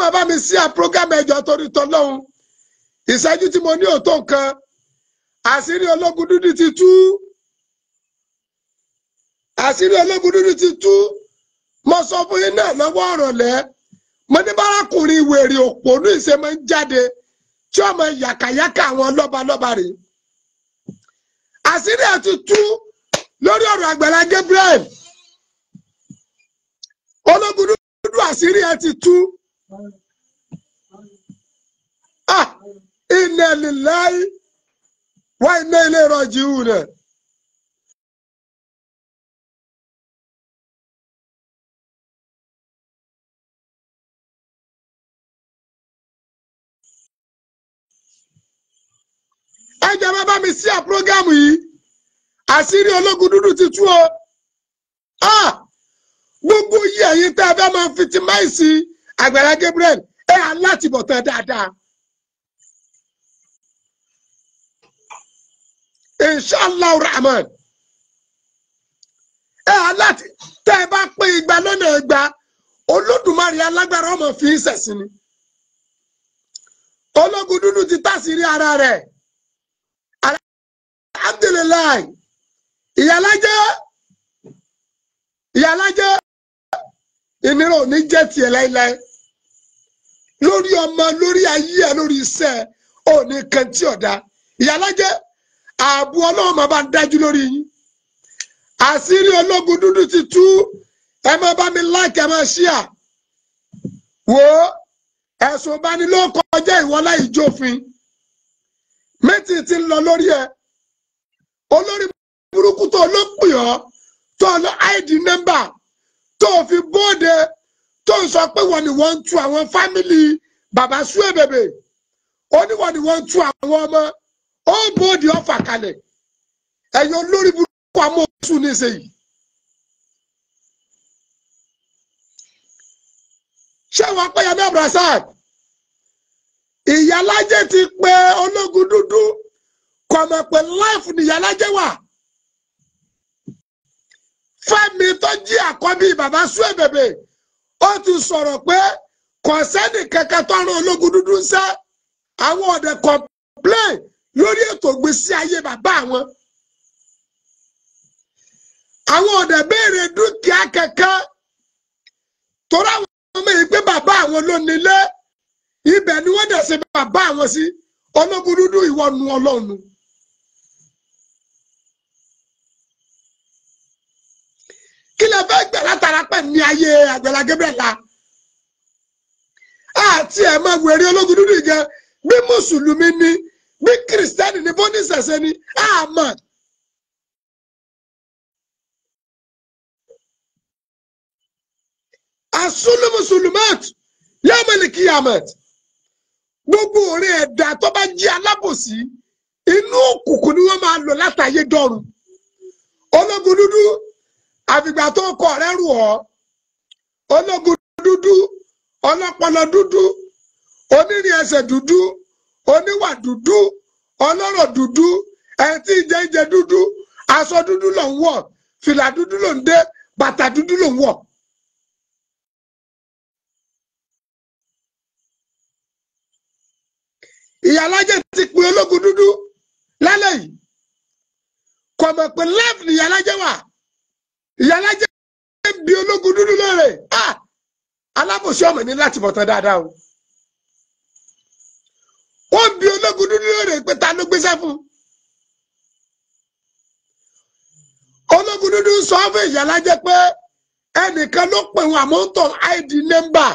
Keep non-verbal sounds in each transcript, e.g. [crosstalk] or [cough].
máa bá mi sí à program ẹjọ torí tọlọ́hún ìṣẹ́jú tí mo ní òótọ́ nǹkan àṣírí ológun dúdú ti tú àṣírí ológun dúdú ti tú mo sọ fún yín náà lọ́wọ́ ọ̀rọ̀ lẹ́ mo ní bárakùnrin wèrè òpònú ìṣe máa ń jáde tí ọmọ yàkàyàkà àwọn lọ́balọ́ba rèé àṣírí ẹ̀ ti tú lórí ọ̀rọ̀ Àgbàlá Gabriel ológun dúdú àṣírí ẹ̀ ti tú ah inna lillahi wa inna ilayhi raji'un. ẹ jẹ́ bá bá mi sí àpúrógámù yìí àṣírí ológun dúdú ti tú o ah! gbogbo yìí ẹ̀yin tá a fẹ́ máa fi ti máìsì Àgbàlá Gabriel ẹ alátìbọ̀tán dáadáa. Inshallah Rahman ẹ aláti tẹ ẹ bá pé igba lọ́nà ẹgba Olódùmarè alágbára ọmọ fi í sẹ̀sìn ni ológun dúdú ti tàṣírí ara rẹ̀ alhamdulilayi ìyálàjẹ ìyálàjẹ ìnira ò ní jẹ́ tiẹ̀ láéláé lórí ọmọ lórí ayé ẹ lórí iṣẹ́ ò ní kan tí ọ̀dà ìyálájẹ́ ààbò ọlọ́run máa bá ń dájú lórí yín àṣírí ológun dúdú ti tú ẹ máa bá mi láìkẹ́ máa ṣíà wò ó ẹ̀sùn ìbánilóko ọjọ́ ìwọlá ìjófin méjì ti ń lọ lórí ẹ olórí burúkú tó ló pè ọ́ tó lọ áìdì nọ́mbà tó fi bóde tó ń sọ pé wọ́n ni wọ́n ń tu àwọn fámìlì bàbá Suebebe ó ní wọ́n ni wọ́n ń tu àwọn ọmọ ó ń bòdì ọ̀fà kalẹ̀ ẹ̀yin olórí burúkú amóhùnsù níṣẹ́yìí. ṣé wọn pé yẹn náà Rasaq ìyálájẹ ti pé ológun dúdú kò mọ̀ pé láìfù níyálájẹ wà Fẹ́mi tó jí àkọ́bí bàbá Suebebe ó ti sọ̀rọ̀ pé kọ̀sẹ́nì kẹ̀kẹ́ tọrọ ológun dúdú ń sẹ́ àwọn ọ̀dẹ̀ complain lórí ètò ìgbésí ayé bàbá àwọn. àwọn ọ̀dẹ̀ béèrè dúkìá kẹ̀kẹ́ torí àwọn ọmọ yìí pé bàbá àwọn ló nílé ibẹ̀ ni wọ́n dẹ̀ ṣe bàbá àwọn sí ológun dúdú ìwọ nu ọlọ́run. kí lè fẹ́ gbé pẹ̀mí ayé Àgbàlá Gabriel la àti ẹ̀ máa wẹ̀rí ológun dúdú gan bí mùsùlùmí ni bí kìrìsìtẹ́nì ni bó ní sẹ̀sẹ̀ ni àmọ́. asúlù mùsùlùmọ́t yọ́mọ̀lì kìyàmọ̀t gbogbo ọ̀rẹ́ ẹ̀dá tó bá jí alábòsí inú òkùnkùn ni wọ́n máa lọ látàyé dọ́run ológun dúdú àfìgbà tó kọ ọ̀rẹ́ rù ọ́ ológun dúdú ọlọ́pọlọ dúdú onírìn ẹsẹ̀ dúdú oníwà dúdú ọlọ́rọ̀ dúdú ẹni tí ń jẹ oúnjẹ dúdú aṣọ dúdú ló ń wọ̀ fìlà dúdú ló ń dé bàtà dúdú ló ń wọ̀. ìyálàjẹ ti pin ológun dúdú lálẹ́ yìí kò mọ̀ ni ìyálàjẹ wà ìyálàjẹ bí ológun dúdú lóore alábòsí ọmọ ní láti bọ̀tán dáadáa o ó bí ológun dúdú lóore pé ta ló gbéṣẹ́ fún ológun dúdú sọ fún ìyálàjẹ pé ẹnìkan ló pè wọn àmọ́ id nẹ́mbà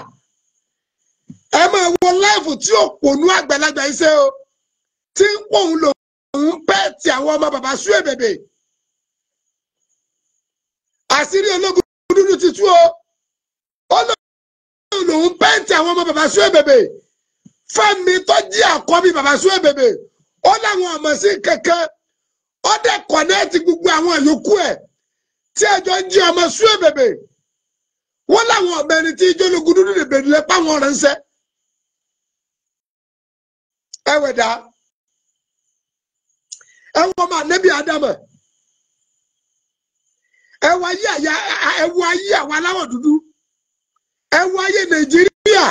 ẹ máa wọ láìfù tí òpònú àgbàlagbà iṣẹ́ o tí ń pòun lòun pẹ́ẹ́tì àwọn ọmọ bàbá sùn èbèbè àṣírí ológun dúdú ti tú o ó lòun pẹ́ǹtì àwọn ọmọ bàbá Suebebe Fẹ́mi tó jí àkọ́bí bàbá Suebebe ó láwọn ọmọ sí kankan ó dẹ̀ kọ̀nẹ́ẹ̀tì gbogbo àwọn yòókù ẹ̀ tí ẹjọ́ ń jí ọmọ Suebebe wọ́n láwọn ọ̀bẹ ẹni tí ijó ológun dúdú lè bèrè lẹ́pà wọn rẹ̀ ń ẹ̀wọ̀n ọmọ ànẹ́bí Ádámù ẹ wo ayé àyà ẹ wo ayé àwọn aláwọ̀ dúdú ẹ wo ayé nàìjíríà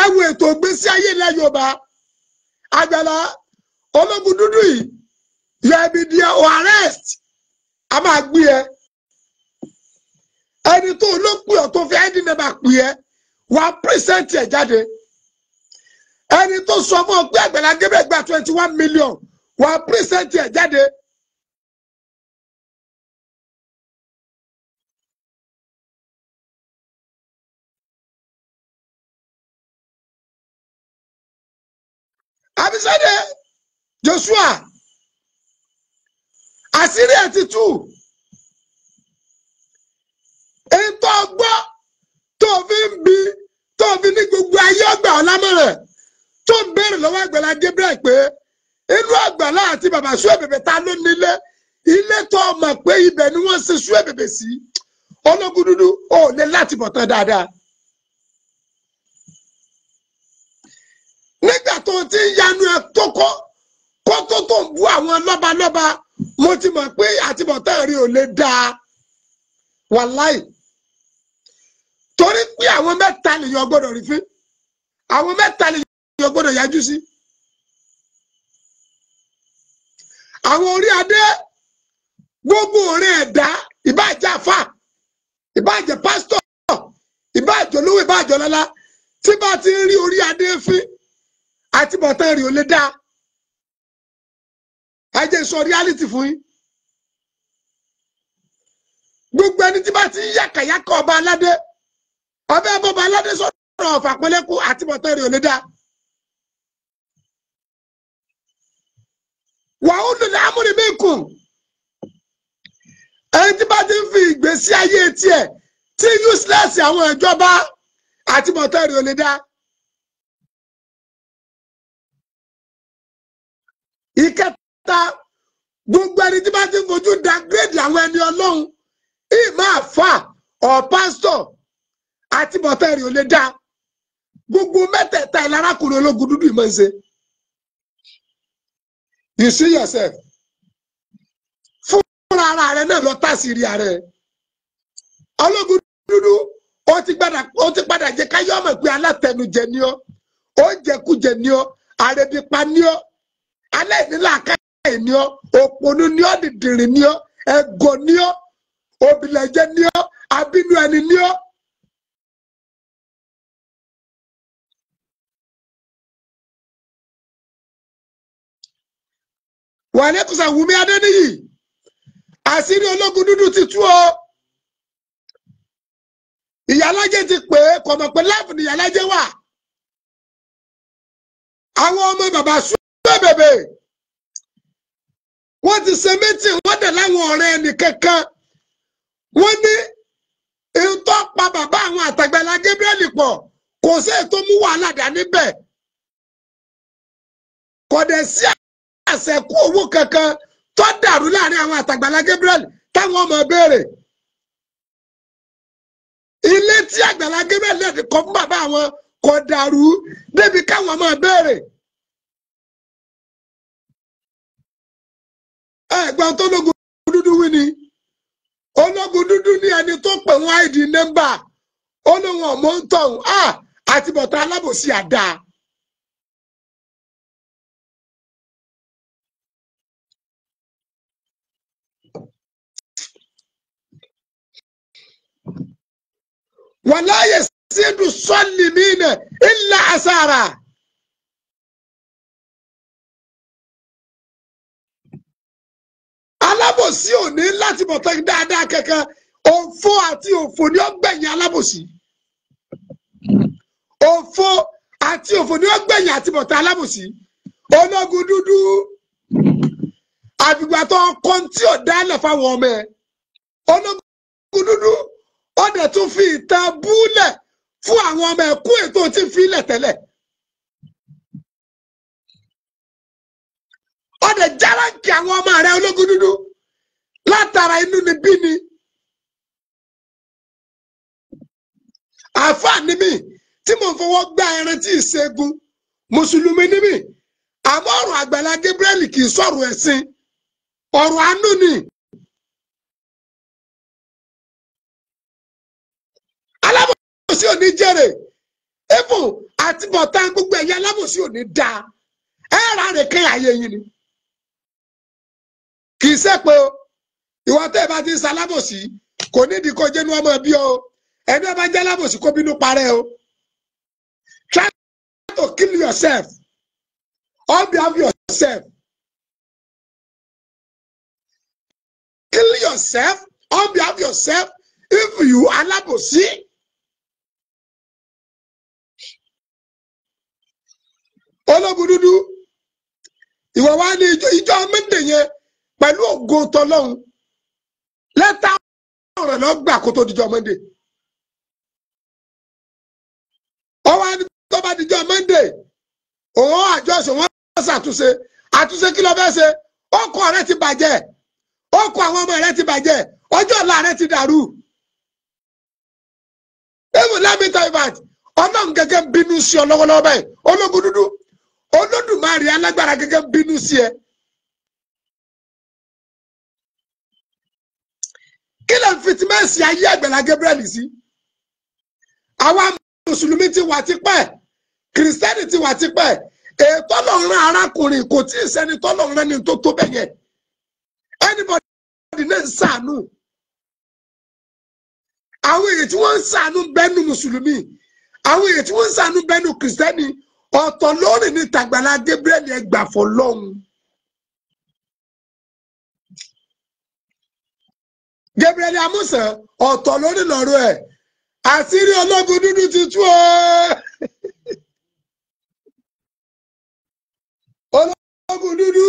ẹ wo ètò ìgbésí ayé ilẹ̀ yorùbá àgbàlá ológun dúdú yìí yẹbi di ẹ o arrest a máa gbé ẹ ẹni tó olókùn ọ tó fi ẹni nàbà pè ẹ wàá present ẹ jáde ẹni tó sọ fún ọ pé àgbàlá gébẹgbà twenty one million wàá present ẹ jáde. fi sẹ́dé Joshua àṣírí ẹ̀ ti tú èyí tó tó fi ń bi tó fi ní gbogbo ayé ọgbà ọ̀làmọ̀rẹ̀ tó ń béèrè lọ́wọ́ àgbàlá Gabriel pé inú àgbàlá àti bàbá sùwẹ̀ bèbè ta ló nílé ilé tó mọ̀ pé ibẹ̀ ni wọ́n ṣe sùwẹ̀ bèbè sí ológun dúdú ò lè láti bọ̀ tán dáadáa. nígbà tó ti ń yanu ẹ tó kọ́ kó tó tó ń bú àwọn lọ́balọ́ba mo ti mọ̀ pé àtibọ̀tán rí ò lè dáa wàláì torí pé àwọn mẹ́ta lèyàn gbọ́dọ̀ rí fín àwọn mẹ́ta lèyàn gbọ́dọ̀ yájú sí àwọn orí adé gbogbo orí ẹ̀dá ìbáàjẹ́ àfà ìbáàjẹ́ pásítọ̀ ìbáàjẹ́ olówó ìbáàjẹ́ ọlọ́lá tí bá ti ń rí orí adé fín àti bọ̀tán rí lè ẹ sọ reality fún yín gbogbo ẹni tí bá ti ń yàkàyàkà ọba aládé ọba alade so aládé sọ̀rọ̀ ọ̀fà pẹ́lẹ́kù àti bọ̀tán rí o lè dá. wà ó lòlẹ̀ amúnibíkùn ẹni tí bá ti ń fi ìgbésí ayé tiẹ̀ tí useless àwọn ìjọba àti bọ̀tán rí lè ìkẹta gbogbo ẹni tí bá ti ń fojú downgrade àwọn ẹni ọlọ́run ìmọ̀ àfà ọ̀ pásítọ̀ àti bọ̀tẹ́rì ò lè dá gbogbo mẹ́tẹ̀ẹ̀ta ìlarákùnrin ológun dúdú ìmọ̀ ń ṣe. you see yourself fúnra ara rẹ náà lọ tàṣírí ara rẹ ológun dúdú ó ti padà ó ti padà jẹ káyọ̀ mọ̀ pé alátẹnujẹ ni ọ́ ó jẹkújẹ ni ọ́ àrèbípa ni ọ́ aláìníláàká ẹ̀ ní ọ́ òpònú ní ọ́ dìdìrín ní ọ́ ẹ̀gọ́ ní ọ́ òbílẹ̀jẹ́ ní ọ́ abínú ẹni ní ọ́. wà ní kùsà Wùmí Adéníyì àṣírí ológun dúdú ti tú o ìyálájẹ ti pè é kọmọ pé láàbù ni ìyálájẹ wà àwọn ọmọ bàbá sùn bèbè wọ́n ti ṣe méjì wọ́n dẹ̀ láwọn ọ̀rẹ́ ẹnìkankan wọ́n ní ohun tó pa bàbá àwọn àtàgbàlá Gabriel pọ̀ kò sí ètò mú wàhálà dání bẹ̀ kò dẹ̀ sí àṣẹkù owó kankan tó dàrú láàrin àwọn àtàgbàlá Gabriel táwọn ọmọ béèrè ilé tí àgbàlá Gabriel lè kọ́ fún bàbá àwọn kò dàrú débi káwọn ọmọ béèrè. ẹgbẹ́ tó lógun dúdú wí ni ológun dúdú ní ẹni tó pè wọ́n àìdí nẹ́mbà ó lóun ọ̀mọ́ ń tọ̀hún àti bọ̀tà alábòsí àdá. wàláyé sídùú sọ́ọ̀lì mí nà ilà àsàrà. alábòsí ò ní láti mọ̀ tán dáadáa kankan òfò àti òfò ni ó gbẹ̀yìn alábòsí òfò àti òfò ni ó gbẹ̀yìn àti mọ̀tá alábòsí ológun dúdú àfìgbà tó kọ́ tí ò dálẹ̀ fáwọn ọmọ ẹ̀ ológun dúdú ó dẹ̀ tún fi ìtàn búlẹ̀ fún àwọn ọmọ ẹ̀ kú ètò tí ń filẹ̀ tẹ́lẹ̀. ó dẹ̀ àwọn ọmọ rẹ̀ ológun dúdú látara inú ni bí ni àáfàá ni mi. tí mò ń fọwọ́ gbá ẹran tí ì ṣẹ́gun ni mí àmọ́ ọ̀rọ̀ àgbàlá Gabriel kì í sọ̀rọ̀ ẹ̀sìn ọ̀rọ̀ àánú ni. alábòsí ò ní jèrè ébò àti bọ̀tá gbogbo ẹ̀yà alábòsí ò ní da ẹ̀ ra rẹ̀ kẹ́yà ayé yín ni kì í ṣe o ìwọ tẹ́ ẹ bá ti ń salábòsí kò nídìí kó jẹ́nu ọmọ bí o ẹni ọba jẹ́ alábòsí kó bínú parẹ́ o try to kill yourself on behalf yourself kill yourself on behalf yourself if you alábòsí. ológun dúdú ìwọ wa ní ìjọ mẹ́ndé yẹn pẹ̀lú ògo tọlọ́hún lẹ́tà ọ̀rọ̀ lọ gbà kó tó dijọ́ Monday ọwọ́ ẹni tó bá dijọ́ Monday òun àjọṣe wọn ṣàtúnṣe àtúnṣe kí ló fẹ́ ṣe ọkọ rẹ ti bàjẹ́ ọkọ àwọn ọmọ rẹ ti bàjẹ́ ọjọ́ ọ̀la rẹ ti dàrú even lami taibat ọlọ́run gẹ́gẹ́ bínú sí ọ lọ́wọ́lọ́wọ́ báyìí ológun dúdú olódùmarè alágbára gẹ́gẹ́ bínú sí ẹ. kí lè fi ti mẹ́sì ayé Àgbàlá Gabriel sí àwa mùsùlùmí ti wà tipẹ́ kìrìsìtẹ́nì ti wà tipẹ́ ètò ọlọ́run arákùnrin kò tí ì sẹ́ni tọ́lọ́run ẹni tó tó bẹ́ẹ̀ yẹn anybody náà ń sàánú àwọn èyí tí wọ́n ń sàánú bẹ́nu mùsùlùmí àwọn èyí tí wọ́n ń sàánú bẹ́nu kìrìsìtẹ́nì ọ̀tọ̀ lórí ní t'Àgbàlá Gabriel ẹgbà fọlọ́hún Gabriel Amusan ọ̀tọ̀ lórí lọ́rọ̀ ẹ̀ àṣírí ológun dúdú ti tú o. [laughs] ológun dúdú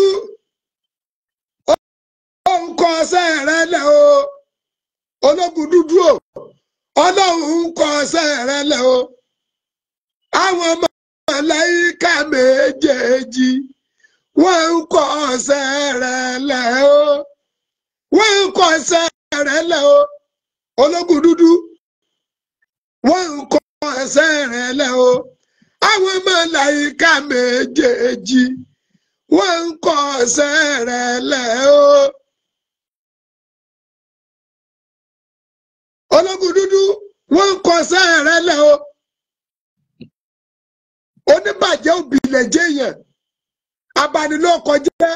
ó ń kọ ọsẹ rẹ lẹ o ológun dúdú o ọlọ́run ń kọ ọsẹ rẹ lẹ o àwọn ọmọ ọláyíká méjèèjì wọ́n ń kọ ọsẹ rẹ lẹ o wọ́n ń kọ ọsẹ. rẹ̀ o ológun dúdú wọ́n ń kọ ẹsẹ̀ rẹ̀ lẹ̀ o àwọn màláíkà méjèèjì wọ́n ń kọ ẹsẹ̀ rẹ̀ lẹ̀ o. ológun dúdú wọ́n ń kọ ẹsẹ̀ o oníbàjẹ́ jẹ́yàn jẹ́.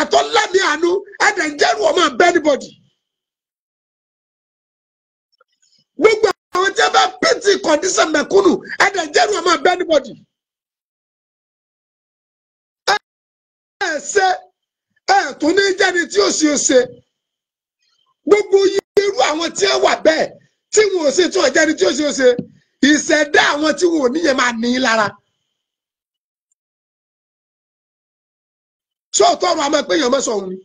ọ̀nà tó lábẹ́ àánú ẹ̀dẹ̀ ń jẹ́rù ọmọ bẹ́ẹ̀nibọ̀dì. gbogbo àwọn tí a bá pìtì kọ̀dísàn mẹ̀kúnnù ẹ̀dẹ̀ ń jẹ́rù ọmọ bẹ́ẹ̀nibọ̀dì. ẹ ẹ ṣe ẹ tún ní jáde tí ó ṣe ṣe gbogbo irú àwọn tí a wà bẹ́ẹ̀ tí wọn ò ṣe tún ọ̀jáde tí ó ṣe ṣe ìṣẹ̀dá àwọn tí wọn ò níyẹn máa ní lára. tí ò tọrọ àmọ́ pé èèyàn mẹ́sàn òun ni.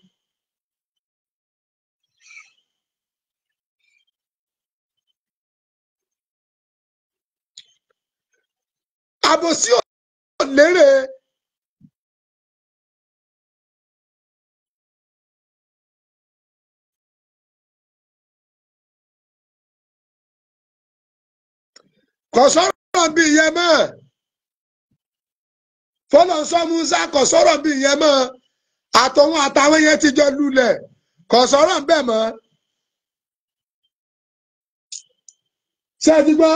àbòsí ò lérè kò sọ̀rọ̀ bí ìyẹn mọ́ fọlọ́nsọ́ musa kò sọ̀rọ̀ àtọ̀hún àtàwọn yẹn ti jọ lulẹ̀ kò sọ̀rọ̀ ń bẹ̀ mọ́. ṣé ẹ ti gbọ́?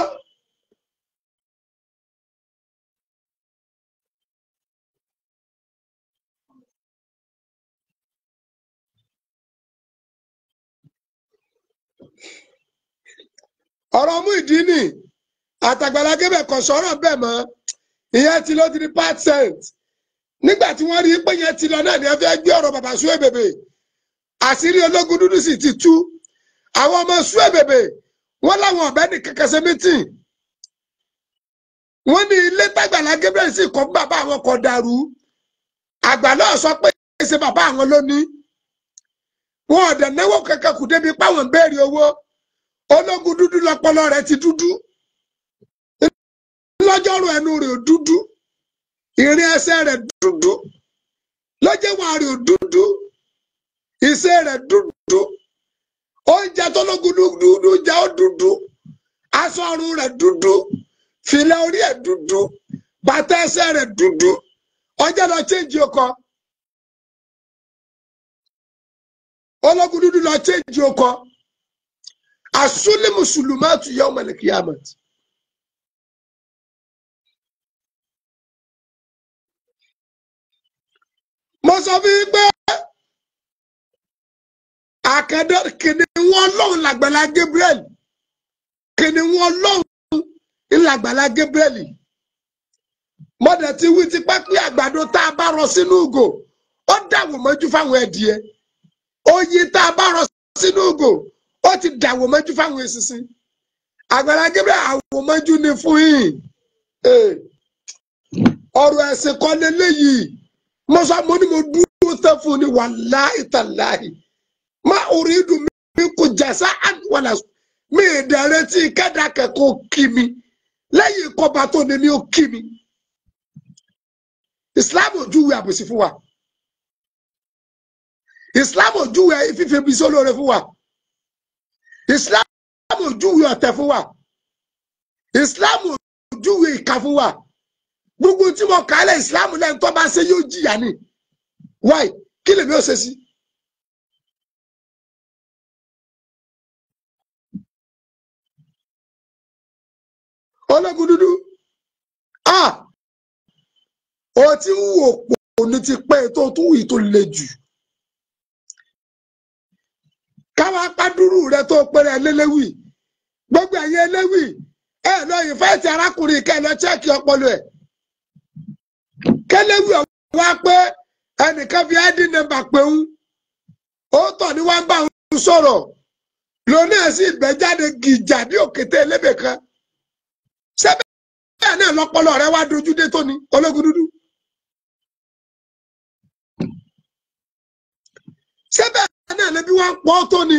ọ̀rọ̀ Muyideen àtàgbàlagébẹ̀ kò sọ̀rọ̀ ń bẹ̀ mọ́ ìyẹn ti ló ti di percent nígbà tí wọ́n rí pé yẹn ti lọ náà ni ẹ fẹ́ gbé ọ̀rọ̀ bàbá Suebebe àṣírí ológun dúdú sì ti tú àwọn ọmọ Suebebe wọ́n láwọn ọ̀bẹ ní kẹkẹsẹ mítìn wọ́n ní ilé tágbàlá Gabriel sì kọ́ bàbá àwọn kò dàrú àgbà náà sọ pé ṣe bàbá àwọn ló wọn ọ̀dẹ̀ náwó kankan kù débi páwọn ń béèrè owó ológun dúdú lọ́pọlọ rẹ̀ ti dúdú lọ́jọ́rùú ẹnu rẹ̀ dúdú. ìrìn ese re dúdú lọ́jọ́ wàrí dúdú iṣẹ́ rẹ̀ dúdú oúnjẹ tó dúdú jẹ́ ó dúdú aṣọ ọrùn rẹ̀ dúdú fìlà orí ẹ̀ dúdú bàtà ẹsẹ̀ rẹ̀ dúdú ọjọ́ lọ chéjì ọkọ ológun dúdú lọ chéjì mùsùlùmá tu sọ fún yín pé àkàndé kìnìún ọlọ́run làgbàlá Gabriel kìnìún ọlọ́run ńlàgbàlá Gabriel mọ́dẹ̀ tí wí ti pẹ́ pé àgbàdo tá a bá rọ sínú ìgò ó dàwò mọ́jú fáwọn ẹ̀dìyẹ oyin tá a bá rọ sínú ìgò ó ti dàwò mọ́jú fáwọn eṣinṣin àgbàlá Gabriel àwòmọ́jú ni fún yín ọ̀rọ̀ ẹ̀sìn kan lélẹ́yìí mo sọ mo ní mo dúró tán fún ni wàláì tàláì má orí dùn mí kò jàsá àdúrà mi ìdàrẹ́ tí kẹ́dà kẹ́kọ̀ọ́ kí mi lẹ́yìn kọba tó ní ni ó kí mi Islam ojúwe àbòsí fún wa Islam ojúwe fífi bisí olóore fún wa Islam ojúwe ọ̀tẹ̀ fún wa Islam ojúwe ìka fún wa gbogbo tí mo kà á lẹ ìsìlámù lẹ́yìn tó bá ṣe yóò jìyà ni wáyé kí lèmi ó ṣe sí. ológun dúdú a ah! ò tí ń wò pò ní ti pẹ́ tó tó wù tó le jù káwa pàdúrú rẹ tó pẹrẹ lélẹwì gbogbo ẹ̀yin ẹlẹwì ẹ lọ ìfẹ́ ti arákùnrin kẹ lọ chẹ́ẹ̀kì ọpọlọ ẹ̀. kẹlẹ́wì ọ̀wọ́ wá pé ẹnìkan fi id number pé ń ó tọ̀ ní wọ́n bá ń sọ̀rọ̀ lónìí ẹ̀ sì bẹ́ jáde gìjà ní òkété elébè kan sẹ́bẹ̀ náà lọ́pọlọ rẹ wá dojú dé tóní ológun dúdú. sẹ́bẹ̀ náà lẹ́bí wọ́n pọ́ tóní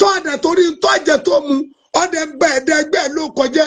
tó ọ̀dẹ̀ torí tó ọ̀jẹ̀ tó mu ọ̀dẹ̀ ń bẹ̀ ló kọjá.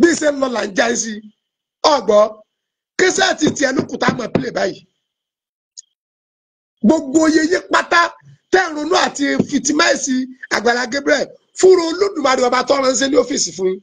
bí ṣe ń lọ là ń já sí ọgbọ kẹsẹẹtì tiẹ ló kùtà mọ pílẹ báyìí gbogbo yeye pátá tẹ ń ronú àti fìtìmáìsì Àgbàlá Gabriel fúnra Olódùmarè ọba tọrọ ń ṣe ní ọ́fíìsì fún yín.